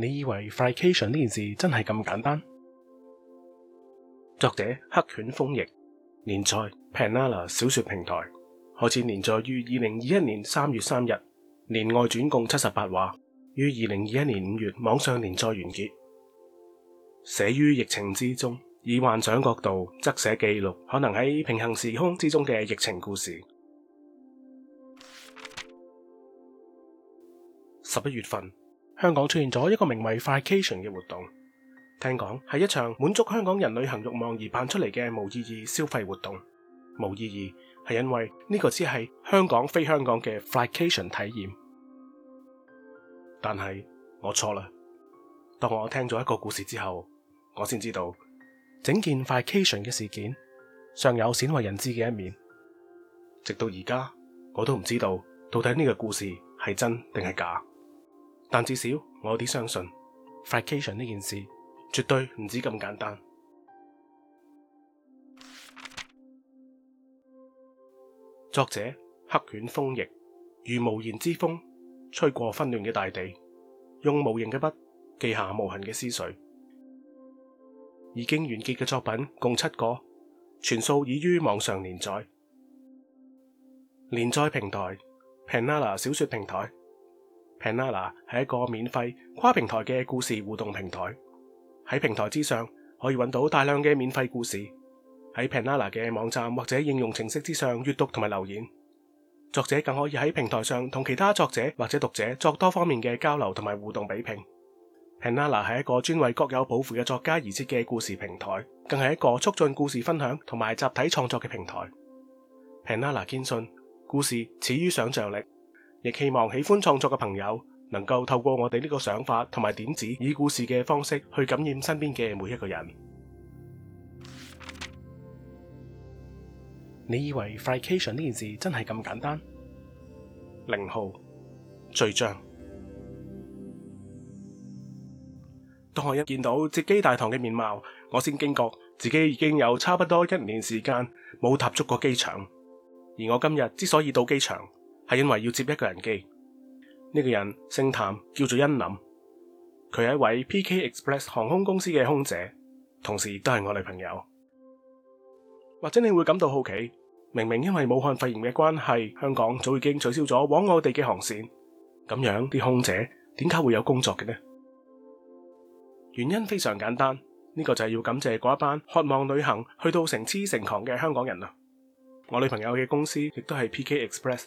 你以為 Flycation 呢件事真係咁簡單？作者黑犬風易，連載 Penana 小說平台，開始連載於二零二一年三月三日，連外傳共七十八話，於二零二一年五月網上連載完結。寫於疫情之中，以幻想角度則寫記錄可能喺平行時空之中嘅疫情故事。十一月份。香港出現咗一個名為 “Flycation” 嘅活動，聽講係一場滿足香港人旅行慾望而辦出嚟嘅無意義消費活動。無意義係因為呢個只係香港飛香港嘅 Flycation 體驗。但係我錯啦，當我聽咗一個故事之後，我先知道整件 Flycation 嘅事件尚有鮮為人知嘅一面。直到而家，我都唔知道到底呢個故事係真定係假。但至少我有啲相信，Flycation 呢件事絕對唔止咁簡單。 作者黑犬風易，如無言之風，吹過紛亂嘅大地，用無形嘅筆記下無痕嘅思緒。已經完結嘅作品共七個，全數已於網上連載。連載平台：Penana 小說平台。Penana 係一個免費跨平台嘅故事互動平台，喺平台之上可以揾到大量嘅免費故事，喺 Penana 嘅網站或者應用程式之上閲讀同埋留言。作者更可以喺平台上同其他作者或者讀者作多方面嘅交流同埋互動比拼。Penana 係一個專為各有抱負嘅作家而設嘅故事平台，更係一個促進故事分享同埋集體創作嘅平台。Penana 堅信故事始於想像力。亦希望喜歡創作嘅朋友能夠透過我哋呢個想法同埋點子，以故事嘅方式去感染身邊嘅每一個人。你以為 Flycation 呢件事真係咁簡單？零號序章。當我一見到接機大堂嘅面貌，我先驚覺自己已經有差不多一年時間冇踏足過機場，而我今日之所以到機場。係因為要接一個人機，呢個人姓譚，叫做恩林，佢係一位 PK Express 航空公司嘅空姐，同時亦都係我女朋友。或者你會感到好奇，明明因為武漢肺炎嘅關係，香港早已經取消咗往我哋嘅航線，咁樣啲空姐點解會有工作嘅呢？原因非常簡單，呢個就係要感謝嗰一班渴望旅行去到成痴成狂嘅香港人啦。我女朋友嘅公司亦都係 PK Express。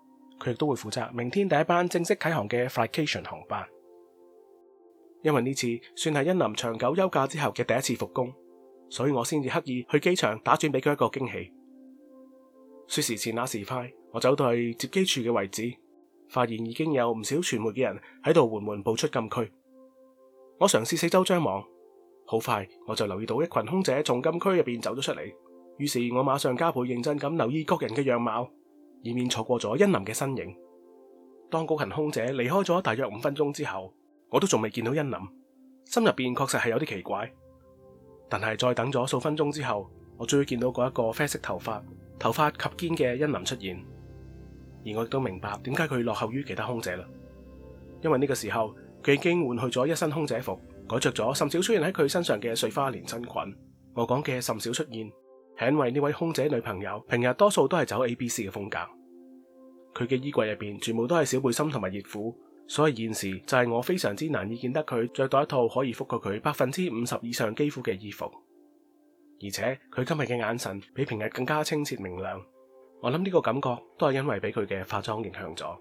佢亦都會負責明天第一班正式啟航嘅 Flycation 航班，因為呢次算係恩林長久休假之後嘅第一次復工，所以我先至刻意去機場打轉俾佢一個驚喜。說時遲那時快，我走到去接機處嘅位置，發現已經有唔少傳媒嘅人喺度緩緩步出禁區。我嘗試四周張望，好快我就留意到一群空姐從禁區入邊走咗出嚟，於是我馬上加倍認真咁留意各人嘅樣貌。以免錯過咗恩林嘅身影。當嗰群空姐離開咗大約五分鐘之後，我都仲未見到恩林，心入邊確實係有啲奇怪。但係再等咗數分鐘之後，我終於見到嗰一個啡色頭髮，頭髮及肩嘅恩林出現。而我亦都明白點解佢落後於其他空姐啦，因為呢個時候佢已經換去咗一身空姐服，改着咗甚少出現喺佢身上嘅碎花連身裙。我講嘅甚少出現。因為呢位空姐女朋友平日多數都係走 ABC 嘅風格，佢嘅衣櫃入邊全部都係小背心同埋熱褲，所以現時就係我非常之難以見得佢着到一套可以覆蓋佢百分之五十以上肌膚嘅衣服。而且佢今日嘅眼神比平日更加清澈明亮，我諗呢個感覺都係因為俾佢嘅化妝影響咗。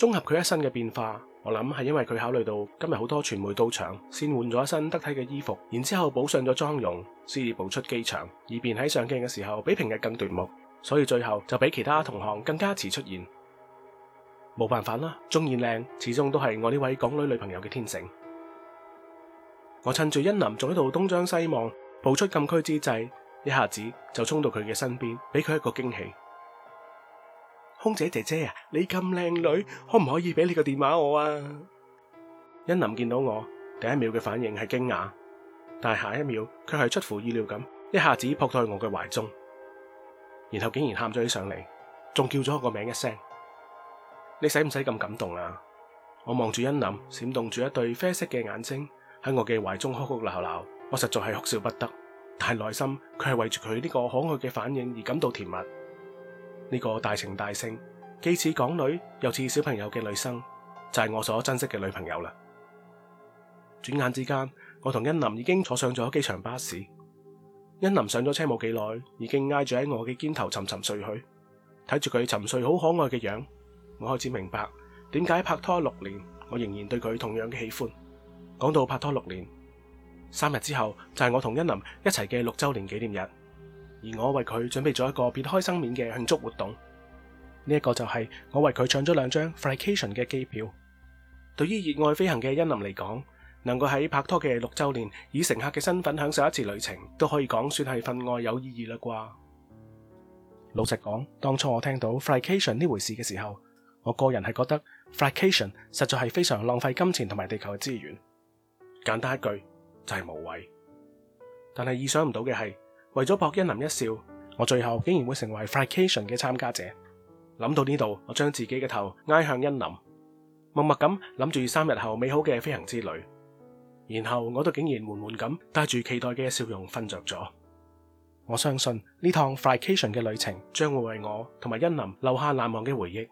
綜合佢一身嘅變化，我諗係因為佢考慮到今日好多傳媒到場，先換咗一身得體嘅衣服，然之後補上咗妝容，先至步出機場，以便喺上鏡嘅時候比平日更奪目，所以最後就比其他同行更加遲出現。冇辦法啦，鍾意靚，始終都係我呢位港女女朋友嘅天性。我趁住恩琳仲喺度東張西望、步出禁區之際，一下子就衝到佢嘅身邊，俾佢一個驚喜。空姐姐姐啊，你咁靚女，可唔可以俾你個電話我啊？恩林見到我第一秒嘅反應係驚訝，但係下一秒卻係出乎意料咁，一下子撲到我嘅懷中，然後竟然喊咗起上嚟，仲叫咗我個名一聲。你使唔使咁感動啊？我望住恩林，閃動住一對啡色嘅眼睛喺我嘅懷中哭哭鬧鬧，我實在係哭笑不得，但係內心卻係為住佢呢個可愛嘅反應而感到甜蜜。呢個大情大性，既似港女又似小朋友嘅女生，就係我所珍惜嘅女朋友啦。轉眼之間，我同恩琳已經坐上咗機場巴士。恩琳上咗車冇幾耐，已經挨住喺我嘅肩頭沉沉睡去。睇住佢沉睡好可愛嘅樣，我開始明白點解拍拖六年，我仍然對佢同樣嘅喜歡。講到拍拖六年，三日之後就係我同恩琳一齊嘅六周年紀念日。而我為佢準備咗一個別開生面嘅慶祝活動，呢、這、一個就係我為佢搶咗兩張 Flycation 嘅機票。對於熱愛飛行嘅恩林嚟講，能夠喺拍拖嘅六周年以乘客嘅身份享受一次旅程，都可以講算係份外有意義啦啩。老實講，當初我聽到 Flycation 呢回事嘅時候，我個人係覺得 Flycation 實在係非常浪費金錢同埋地球嘅資源。簡單一句就係、是、無謂。但係意想唔到嘅係。為咗博恩林一笑，我最後竟然會成為 Flycation 嘅參加者。諗到呢度，我將自己嘅頭挨向恩林，默默咁諗住三日後美好嘅飛行之旅。然後，我都竟然悶悶咁帶住期待嘅笑容瞓着咗。我相信呢趟 Flycation 嘅旅程將會為我同埋恩林留下難忘嘅回憶。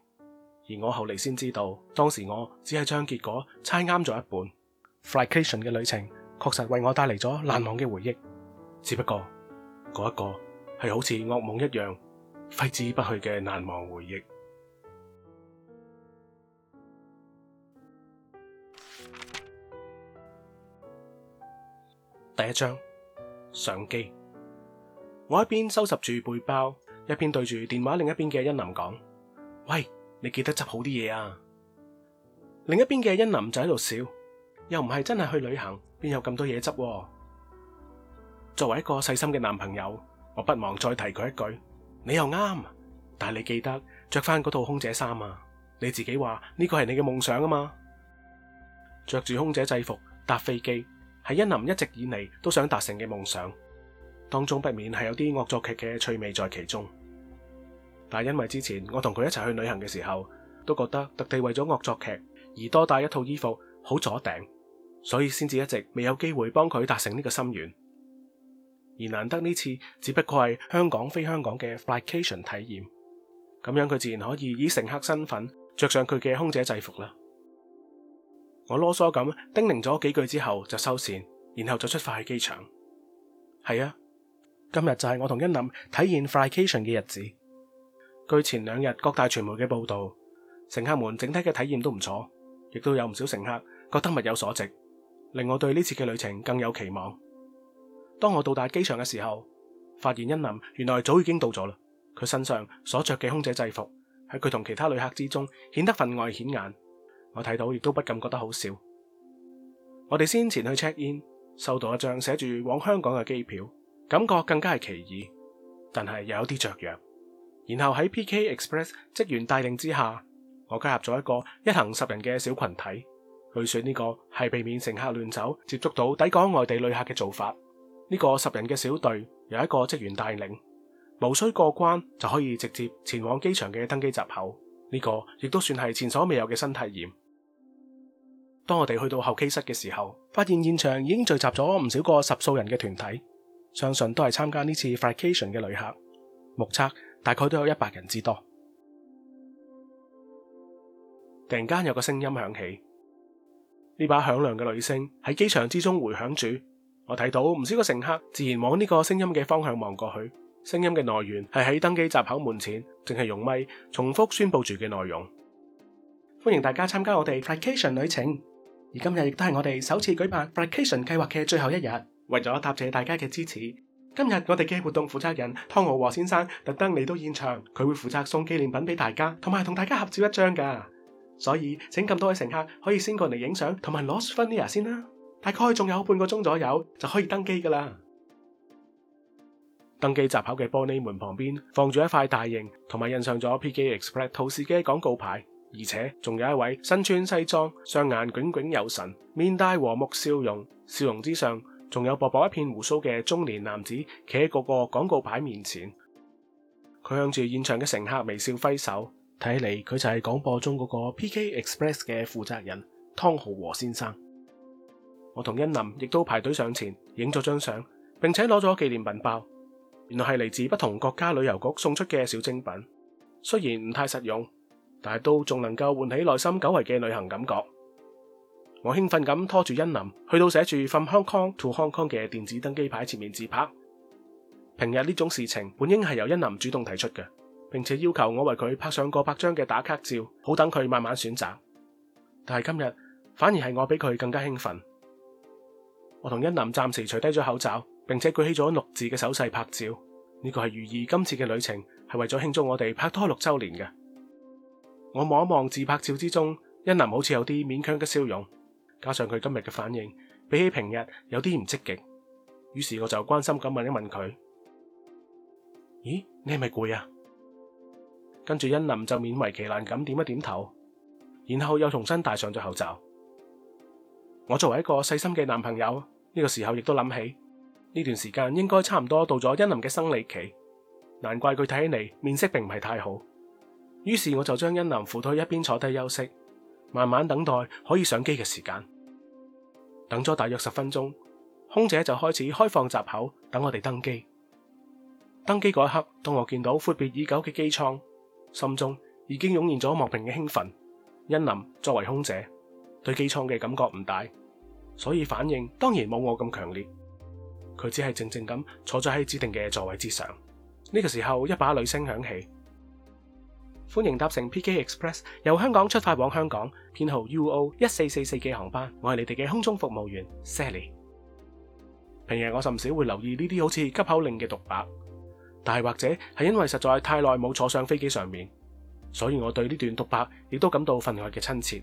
而我後嚟先知道，當時我只係將結果猜啱咗一半。Flycation 嘅旅程確實為我帶嚟咗難忘嘅回憶，只不過。嗰一個係好似噩夢一樣揮之不去嘅難忘回憶。第一章，相機。我一邊收拾住背包，一邊對住電話另一邊嘅欣琳講：喂，你記得執好啲嘢啊！另一邊嘅欣琳就喺度笑，又唔係真係去旅行，邊有咁多嘢執啊？作為一個細心嘅男朋友，我不妨再提佢一句：你又啱，但係你記得着翻嗰套空姐衫啊！你自己話呢個係你嘅夢想啊嘛！着住空姐制服搭飛機，係一林一直以嚟都想達成嘅夢想，當中不免係有啲惡作劇嘅趣味在其中。但係因為之前我同佢一齊去旅行嘅時候，都覺得特地為咗惡作劇而多帶一套衣服好阻頂，所以先至一直未有機會幫佢達成呢個心願。而難得呢次，只不過係香港飛香港嘅 Flycation 體驗，咁樣佢自然可以以乘客身份着上佢嘅空姐制服啦。我囉嗦咁叮嚀咗幾句之後，就收線，然後就出發去機場。係啊，今日就係我同一林體驗 Flycation 嘅日子。據前兩日各大傳媒嘅報道，乘客們整體嘅體驗都唔錯，亦都有唔少乘客覺得物有所值，令我對呢次嘅旅程更有期望。當我到達機場嘅時候，發現恩林原來早已經到咗啦。佢身上所着嘅空姐制服喺佢同其他旅客之中顯得分外顯眼。我睇到亦都不禁覺得好笑。我哋先前去 check in，收到一張寫住往香港嘅機票，感覺更加係奇異，但係又有啲雀躍。然後喺 PK Express 職員帶領之下，我加入咗一個一行十人嘅小群體。據說呢個係避免乘客亂走，接觸到抵港外地旅客嘅做法。呢個十人嘅小隊由一個職員帶領，無需過關就可以直接前往機場嘅登機閘口。呢個亦都算係前所未有嘅新體驗。當我哋去到候機室嘅時候，發現現場已經聚集咗唔少過十數人嘅團體，相信都係參加呢次 Flycation 嘅旅客。目測大概都有一百人之多。突然間有個聲音響起，呢把響亮嘅女聲喺機場之中回響住。我睇到唔少個乘客，自然往呢個聲音嘅方向望過去。聲音嘅來源係喺登機閘口門前，淨係用咪，重複宣布住嘅內容。歡迎大家參加我哋 Flycation 旅程，而今日亦都係我哋首次舉辦 Flycation 計劃嘅最後一日。為咗答謝大家嘅支持，今日我哋嘅活動負責人湯浩和先生特登嚟到現場，佢會負責送紀念品俾大家，同埋同大家合照一張噶。所以，請咁多位乘客可以先過嚟影相，同埋攞 souvenir 先啦。大概仲有半個鐘左右就可以登機㗎喇。登機閘口嘅玻璃門旁邊放住一塊大型同埋印上咗 P.K.Express 圖示嘅廣告牌，而且仲有一位身穿西裝、雙眼炯炯有神、面帶和睦笑容、笑容之上仲有薄薄一片鬍鬚嘅中年男子，企喺嗰個廣告牌面前。佢向住現場嘅乘客微笑揮手，睇嚟佢就係廣播中嗰個 P.K.Express 嘅負責人湯豪和先生。我同恩林亦都排隊上前影咗張相，並且攞咗紀念品包。原來係嚟自不同國家旅遊局送出嘅小精品，雖然唔太實用，但係都仲能夠喚起內心久違嘅旅行感覺。我興奮咁拖住恩林去到寫住《from Hong Kong to Hong Kong》嘅電子登機牌前面自拍。平日呢種事情本應係由恩林主動提出嘅，並且要求我為佢拍上過百張嘅打卡照，好等佢慢慢選擇。但係今日反而係我比佢更加興奮。我同恩林暫時除低咗口罩，並且舉起咗六字嘅手勢拍照。呢個係寓意今次嘅旅程係為咗慶祝我哋拍拖六周年嘅。我望一望自拍照之中，恩林好似有啲勉強嘅笑容，加上佢今日嘅反應比起平日有啲唔積極，於是我就關心咁問一問佢：「咦，你係咪攰呀？」跟住恩林就勉為其難咁點一點頭，然後又重新戴上咗口罩。我作為一個細心嘅男朋友，呢個時候亦都諗起呢段時間應該差唔多到咗恩林嘅生理期，難怪佢睇起嚟面色並唔係太好。於是我就將恩林扶到一邊坐低休息，慢慢等待可以上機嘅時間。等咗大約十分鐘，空姐就開始開放閘口，等我哋登機。登機嗰一刻，當我見到闊別已久嘅機艙，心中已經湧現咗莫名嘅興奮。恩林作為空姐，對機艙嘅感覺唔大，所以反應當然冇我咁強烈。佢只係靜靜咁坐咗喺指定嘅座位之上。呢個時候，一把女聲響起：歡迎搭乘 P.K.Express 由香港出發往香港，編號 UO 一四四四嘅航班。我係你哋嘅空中服務員 Sally。平日我甚少會留意呢啲好似急口令嘅獨白，但係或者係因為實在太耐冇坐上飛機上面，所以我對呢段獨白亦都感到分外嘅親切。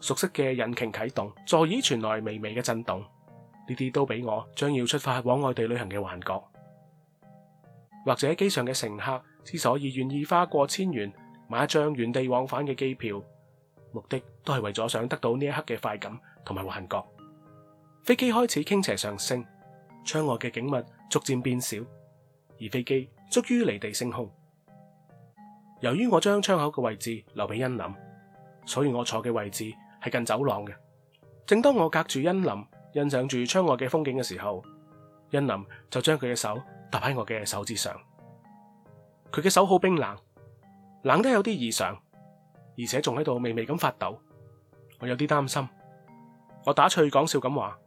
熟悉嘅引擎啟動，座椅傳來微微嘅震動，呢啲都俾我將要出發往外地旅行嘅幻覺。或者機上嘅乘客之所以願意花過千元買一張原地往返嘅機票，目的都係為咗想得到呢一刻嘅快感同埋幻覺。飛機開始傾斜上升，窗外嘅景物逐漸變少，而飛機終於離地升空。由於我將窗口嘅位置留俾欣林，所以我坐嘅位置。係近走廊嘅。正當我隔住恩林欣賞住窗外嘅風景嘅時候，恩林就將佢嘅手搭喺我嘅手指上。佢嘅手好冰冷，冷得有啲異常，而且仲喺度微微咁發抖。我有啲擔心，我打趣講笑咁話：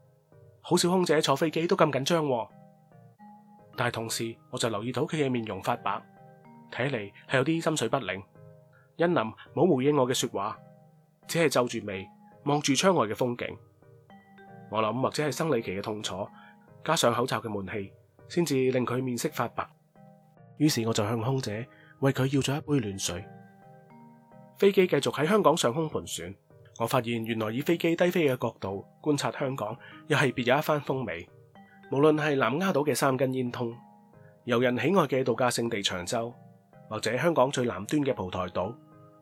「好少空姐坐飛機都咁緊張喎」。但係同時，我就留意到佢嘅面容發白，睇嚟係有啲心水不寧。恩林冇回應我嘅說話。只係皺住眉，望住窗外嘅風景。我諗，或者係生理期嘅痛楚，加上口罩嘅悶氣，先至令佢面色發白。於是我就向空姐為佢要咗一杯暖水。飛機繼續喺香港上空盤旋，我發現原來以飛機低飛嘅角度觀察香港，又係別有一番風味。無論係南丫島嘅三根煙囪，遊人喜愛嘅度假勝地長洲，或者香港最南端嘅蒲台島，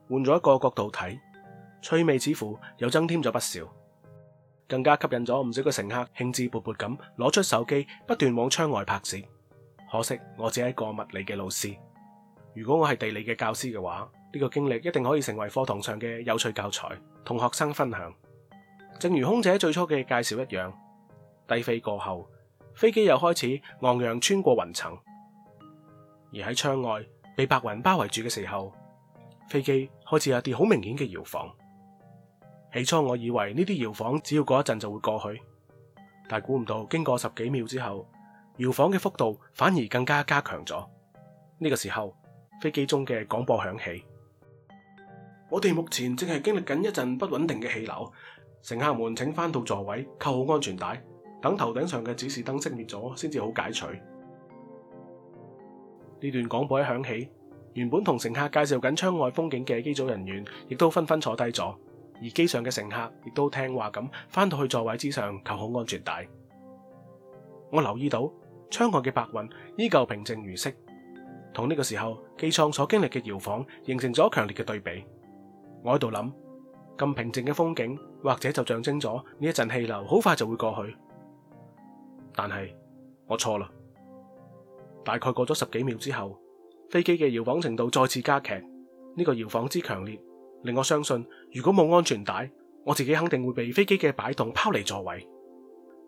換咗一個角度睇，趣味似乎又增添咗不少，更加吸引咗唔少嘅乘客興致勃勃咁攞出手機，不斷往窗外拍攝。可惜我只係一個物理嘅老師，如果我係地理嘅教師嘅話，呢個經歷一定可以成為課堂上嘅有趣教材，同學生分享。正如空姐最初嘅介紹一樣，低飛過後，飛機又開始昂揚穿過雲層，而喺窗外被白雲包圍住嘅時候，飛機開始有啲好明顯嘅搖晃。起初我以為呢啲搖晃只要過一陣就會過去，但估唔到經過十幾秒之後，搖晃嘅幅度反而更加加強咗。呢、這個時候，飛機中嘅廣播響起：我哋目前正係經歷緊一陣不穩定嘅氣流，乘客們請返到座位，扣好安全帶，等頭頂上嘅指示燈熄滅咗先至好解除。呢段廣播一響起，原本同乘客介紹緊窗外風景嘅機組人員亦都紛紛坐低咗。而機上嘅乘客亦都聽話咁翻到去座位之上，扣好安全帶。我留意到窗外嘅白雲依舊平靜如昔，同呢個時候機艙所經歷嘅搖晃形成咗強烈嘅對比。我喺度諗，咁平靜嘅風景，或者就象徵咗呢一陣氣流好快就會過去。但係我錯啦。大概過咗十幾秒之後，飛機嘅搖晃程度再次加劇，呢個搖晃之強烈令我相信。如果冇安全帶，我自己肯定會被飛機嘅擺動拋離座位。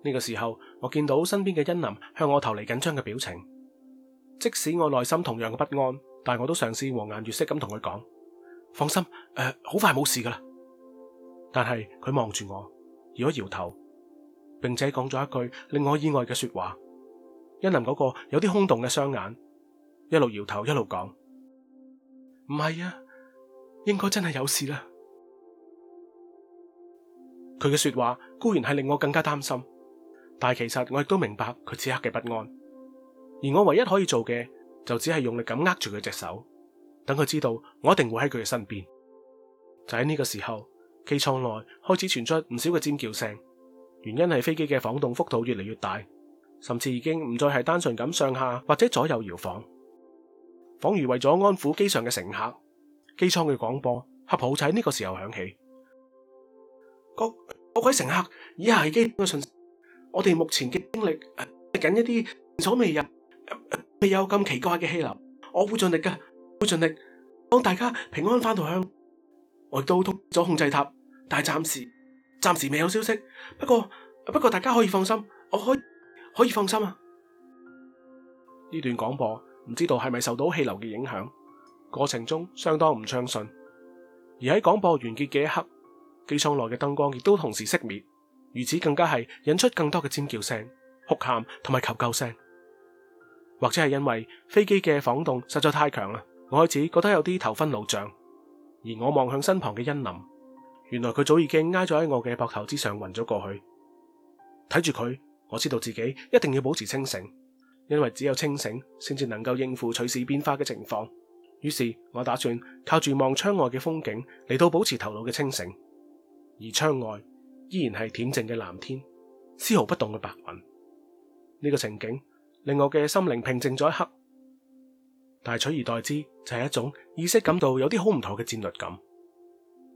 呢個時候，我見到身邊嘅恩林向我投嚟緊張嘅表情。即使我內心同樣嘅不安，但我都嘗試和顏悦色咁同佢講：放心，誒、呃，好快冇事噶啦。但係佢望住我，搖一搖頭，並且講咗一句令我意外嘅說話。恩林嗰個有啲空洞嘅雙眼，一路搖頭一路講：唔係啊，應該真係有事啦。佢嘅說話固然係令我更加擔心，但係其實我亦都明白佢此刻嘅不安。而我唯一可以做嘅就只係用力咁握住佢隻手，等佢知道我一定會喺佢嘅身邊。就喺呢個時候，機艙內開始傳出唔少嘅尖叫聲，原因係飛機嘅晃動幅度越嚟越大，甚至已經唔再係單純咁上下或者左右搖晃，彷如為咗安撫機上嘅乘客，機艙嘅廣播恰好就喺呢個時候響起。各位乘客，以下係基本嘅訊息。我哋目前經歷緊、呃、一啲前所未有、呃呃、未有咁奇怪嘅氣流。我會盡力嘅，會盡力幫大家平安返到香港。我亦都通咗控制塔，但係暫時暫時未有消息。不過不過、呃、大家可以放心，我可以可以放心啊。呢段廣播唔知道係咪受到氣流嘅影響，過程中相當唔暢順。而喺廣播完結嘅一刻。機艙內嘅燈光亦都同時熄滅，如此更加係引出更多嘅尖叫聲、哭喊同埋求救聲。或者係因為飛機嘅晃動實在太強啦，我開始覺得有啲頭昏腦脹。而我望向身旁嘅恩林，原來佢早已經挨咗喺我嘅膊頭之上暈咗過去。睇住佢，我知道自己一定要保持清醒，因為只有清醒先至能夠應付隨時變化嘅情況。於是我打算靠住望窗外嘅風景嚟到保持頭腦嘅清醒。而窗外依然係恬靜嘅藍天，絲毫不動嘅白雲。呢、這個情景令我嘅心靈平靜咗一刻，但係取而代之就係、是、一種意識感到有啲好唔妥嘅戰慄感。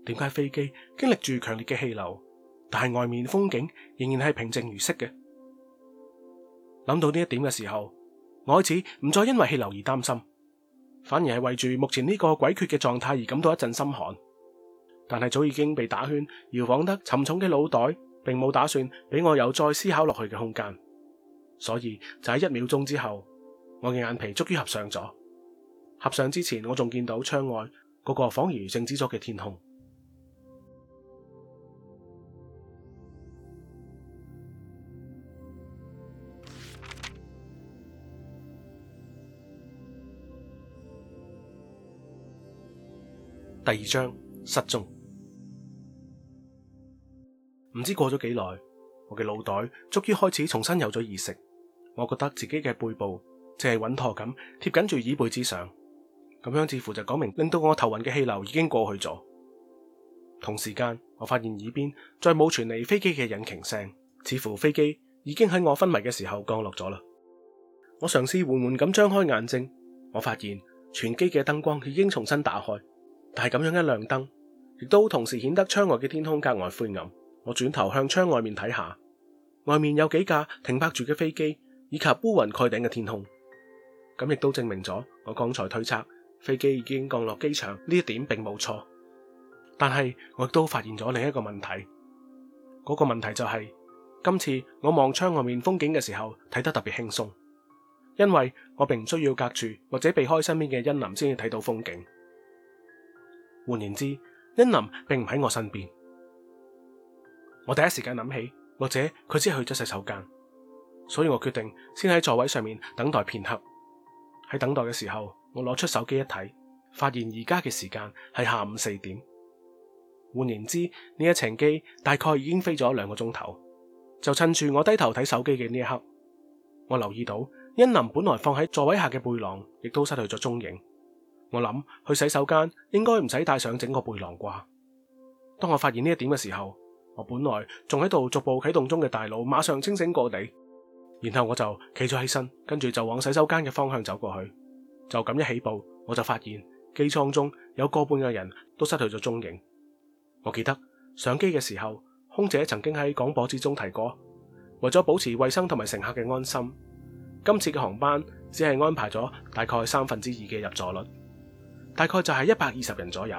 點解飛機經歷住強烈嘅氣流，但係外面風景仍然係平靜如昔嘅？諗到呢一點嘅時候，我開始唔再因為氣流而擔心，反而係為住目前呢個詭譎嘅狀態而感到一陣心寒。但係早已經被打圈搖晃得沉重嘅腦袋，並冇打算俾我有再思考落去嘅空間，所以就喺一秒鐘之後，我嘅眼皮終於合上咗。合上之前，我仲見到窗外嗰個恍如靜止咗嘅天空。第二章，失蹤。唔知過咗幾耐，我嘅腦袋終於開始重新有咗意識。我覺得自己嘅背部淨係穩妥咁貼緊住椅背之上，咁樣似乎就講明令到我頭暈嘅氣流已經過去咗。同時間，我發現耳邊再冇傳嚟飛機嘅引擎聲，似乎飛機已經喺我昏迷嘅時候降落咗啦。我嘗試緩緩咁張開眼睛，我發現全機嘅燈光已經重新打開，但係咁樣一亮燈，亦都同時顯得窗外嘅天空格外灰暗。我轉頭向窗外面睇下，外面有幾架停泊住嘅飛機，以及烏雲蓋頂嘅天空。咁亦都證明咗我剛才推測飛機已經降落機場呢一點並冇錯。但係我亦都發現咗另一個問題，嗰個問題就係今次我望窗外面風景嘅時候睇得特別輕鬆，因為我並唔需要隔住或者避開身邊嘅恩林先至睇到風景。換言之，恩林並唔喺我身邊。我第一時間諗起，或者佢只係去咗洗手間，所以我決定先喺座位上面等待片刻。喺等待嘅時候，我攞出手機一睇，發現而家嘅時間係下午四點。換言之，呢一程機大概已經飛咗兩個鐘頭。就趁住我低頭睇手機嘅呢一刻，我留意到恩林本來放喺座位下嘅背囊，亦都失去咗蹤影。我諗去洗手間應該唔使帶上整個背囊啩。當我發現呢一點嘅時候，我本來仲喺度逐步啟動中嘅大腦，馬上清醒過嚟，然後我就企咗起身，跟住就往洗手間嘅方向走過去。就咁一起步，我就發現機艙中有個半嘅人都失去咗蹤影。我記得上機嘅時候，空姐曾經喺廣播之中提過，為咗保持衛生同埋乘客嘅安心，今次嘅航班只係安排咗大概三分之二嘅入座率，大概就係一百二十人左右。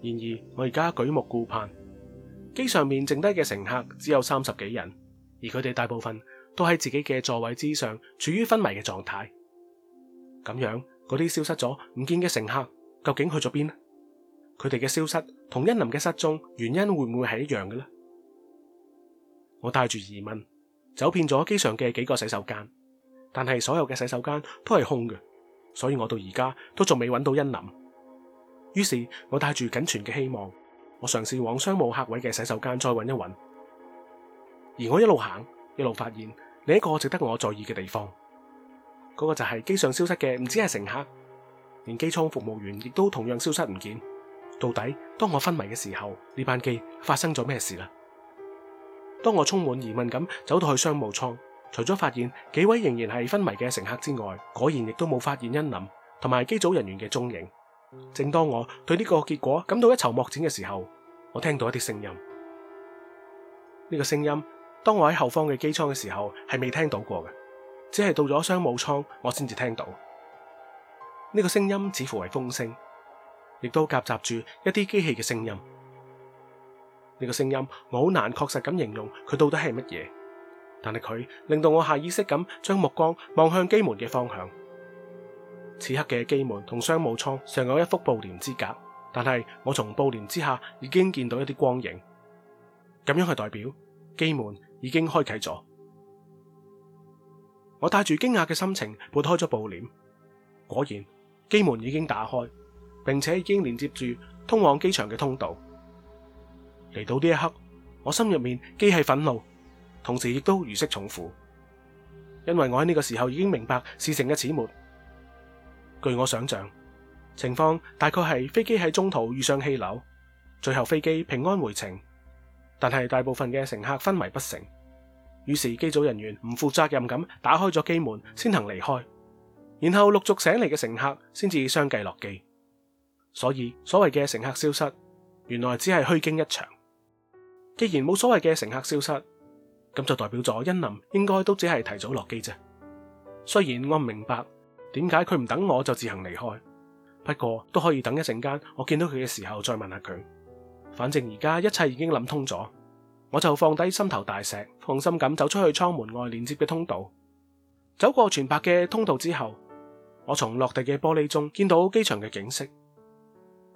然而，我而家舉目顧盼。機上面剩低嘅乘客只有三十幾人，而佢哋大部分都喺自己嘅座位之上，處於昏迷嘅狀態。咁樣，嗰啲消失咗唔見嘅乘客，究竟去咗邊呢？佢哋嘅消失同恩林嘅失蹤原因會唔會係一樣嘅呢？我帶住疑問，走遍咗機上嘅幾個洗手間，但係所有嘅洗手間都係空嘅，所以我到而家都仲未揾到恩林。於是我帶住僅存嘅希望。我嘗試往商務客位嘅洗手間再揾一揾，而我一路行，一路發現另一個值得我在意嘅地方，嗰個就係機上消失嘅唔止係乘客，連機艙服務員亦都同樣消失唔見。到底當我昏迷嘅時候，呢班機發生咗咩事啦？當我充滿疑問咁走到去商務艙，除咗發現幾位仍然係昏迷嘅乘客之外，果然亦都冇發現恩林同埋機組人員嘅蹤影。正當我對呢個結果感到一籌莫展嘅時候，我聽到一啲聲音。呢個聲音，當我喺後方嘅機艙嘅時候係未聽到過嘅，只係到咗商務艙我先至聽到。呢個聲音似乎係風聲，亦都夾雜住一啲機器嘅聲音。呢個聲音我好難確實咁形容佢到底係乜嘢，但係佢令到我下意識咁將目光望向機門嘅方向。此刻嘅機門同商務艙尚有一幅布簾之隔，但係我從布簾之下已經見到一啲光影，咁樣係代表機門已經開啟咗。我帶住驚訝嘅心情撥開咗布簾，果然機門已經打開，並且已經連接住通往機場嘅通道。嚟到呢一刻，我心入面既係憤怒，同時亦都如釋重負，因為我喺呢個時候已經明白事情嘅始末。據我想象，情況大概係飛機喺中途遇上氣流，最後飛機平安回程，但係大部分嘅乘客昏迷不醒，於是機組人員唔負責任咁打開咗機門先行離開，然後陸續醒嚟嘅乘客先至相繼落機。所以所謂嘅乘客消失，原來只係虛驚一場。既然冇所謂嘅乘客消失，咁就代表咗恩林應該都只係提早落機啫。雖然我唔明白。點解佢唔等我就自行離開？不過都可以等一陣間，我見到佢嘅時候再問下佢。反正而家一切已經諗通咗，我就放低心頭大石，放心咁走出去艙門外連接嘅通道。走過全白嘅通道之後，我從落地嘅玻璃中見到機場嘅景色。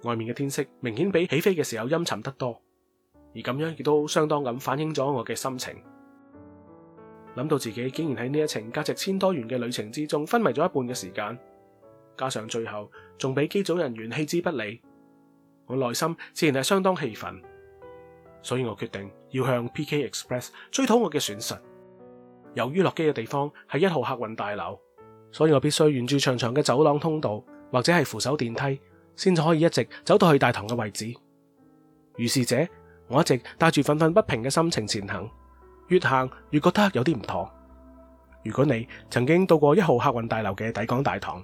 外面嘅天色明顯比起飛嘅時候陰沉得多，而咁樣亦都相當咁反映咗我嘅心情。諗到自己竟然喺呢一程價值千多元嘅旅程之中昏迷咗一半嘅時間，加上最後仲俾機組人員棄之不理，我內心自然係相當氣憤，所以我決定要向 P.K. Express 追討我嘅損失。由於落機嘅地方係一號客運大樓，所以我必須沿住長長嘅走廊通道或者係扶手電梯，先至可以一直走到去大堂嘅位置。如是者，我一直帶住憤憤不平嘅心情前行。越行越覺得有啲唔妥。如果你曾經到過一號客運大樓嘅抵港大堂，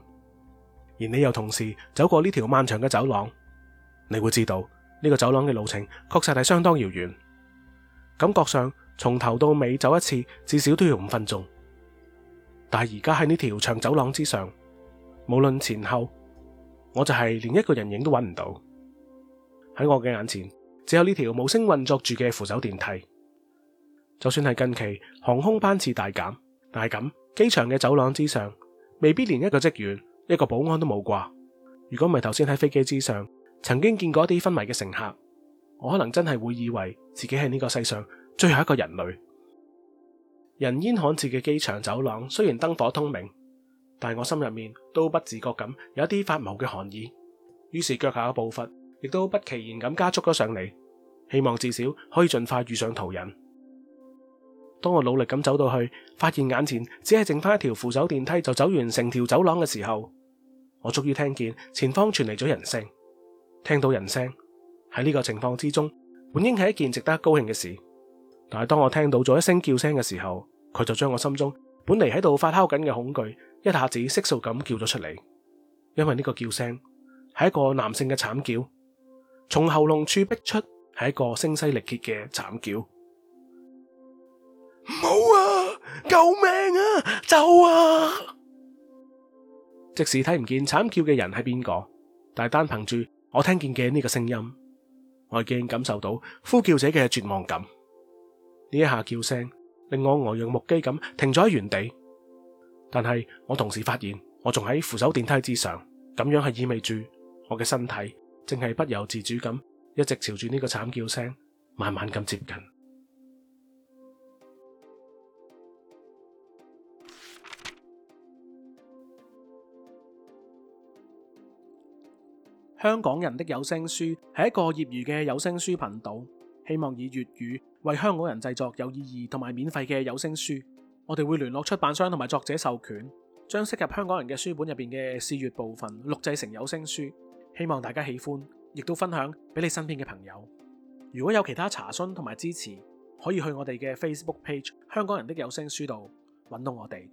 而你又同時走過呢條漫長嘅走廊，你會知道呢個走廊嘅路程確實係相當遙遠，感覺上從頭到尾走一次至少都要五分鐘。但係而家喺呢條長走廊之上，無論前後，我就係連一個人影都揾唔到。喺我嘅眼前只有呢條無聲運作住嘅扶手電梯。就算係近期航空班次大減，但係咁，機場嘅走廊之上，未必連一個職員、一個保安都冇啩。如果唔係頭先喺飛機之上曾經見過啲昏迷嘅乘客，我可能真係會以為自己係呢個世上最後一個人類。人煙罕至嘅機場走廊雖然燈火通明，但我心入面都不自覺咁有一啲發毛嘅寒意。於是腳下嘅步伐亦都不其然咁加速咗上嚟，希望至少可以盡快遇上途人。當我努力咁走到去，發現眼前只係剩翻一條扶手電梯，就走完成條走廊嘅時候，我終於聽見前方傳嚟咗人聲。聽到人聲喺呢個情況之中，本應係一件值得高興嘅事，但係當我聽到咗一聲叫聲嘅時候，佢就將我心中本嚟喺度發酵緊嘅恐懼，一下子悉數咁叫咗出嚟。因為呢個叫聲係一個男性嘅慘叫，從喉嚨處逼出，係一個聲嘶力竭嘅慘叫。冇啊！救命啊！走啊！即使睇唔見慘叫嘅人係邊個，但係單憑住我聽見嘅呢個聲音，我已經感受到呼叫者嘅絕望感。呢一下叫聲令我呆若木雞咁停咗喺原地，但係我同時發現我仲喺扶手電梯之上，咁樣係意味住我嘅身體淨係不由自主咁一直朝住呢個慘叫聲慢慢咁接近。香港人的有聲書係一個業餘嘅有聲書頻道，希望以粵語為香港人製作有意義同埋免費嘅有聲書。我哋會聯絡出版商同埋作者授權，將適合香港人嘅書本入邊嘅試閱部分錄製成有聲書，希望大家喜歡，亦都分享俾你身邊嘅朋友。如果有其他查詢同埋支持，可以去我哋嘅 Facebook page《香港人的有聲書》度揾到我哋。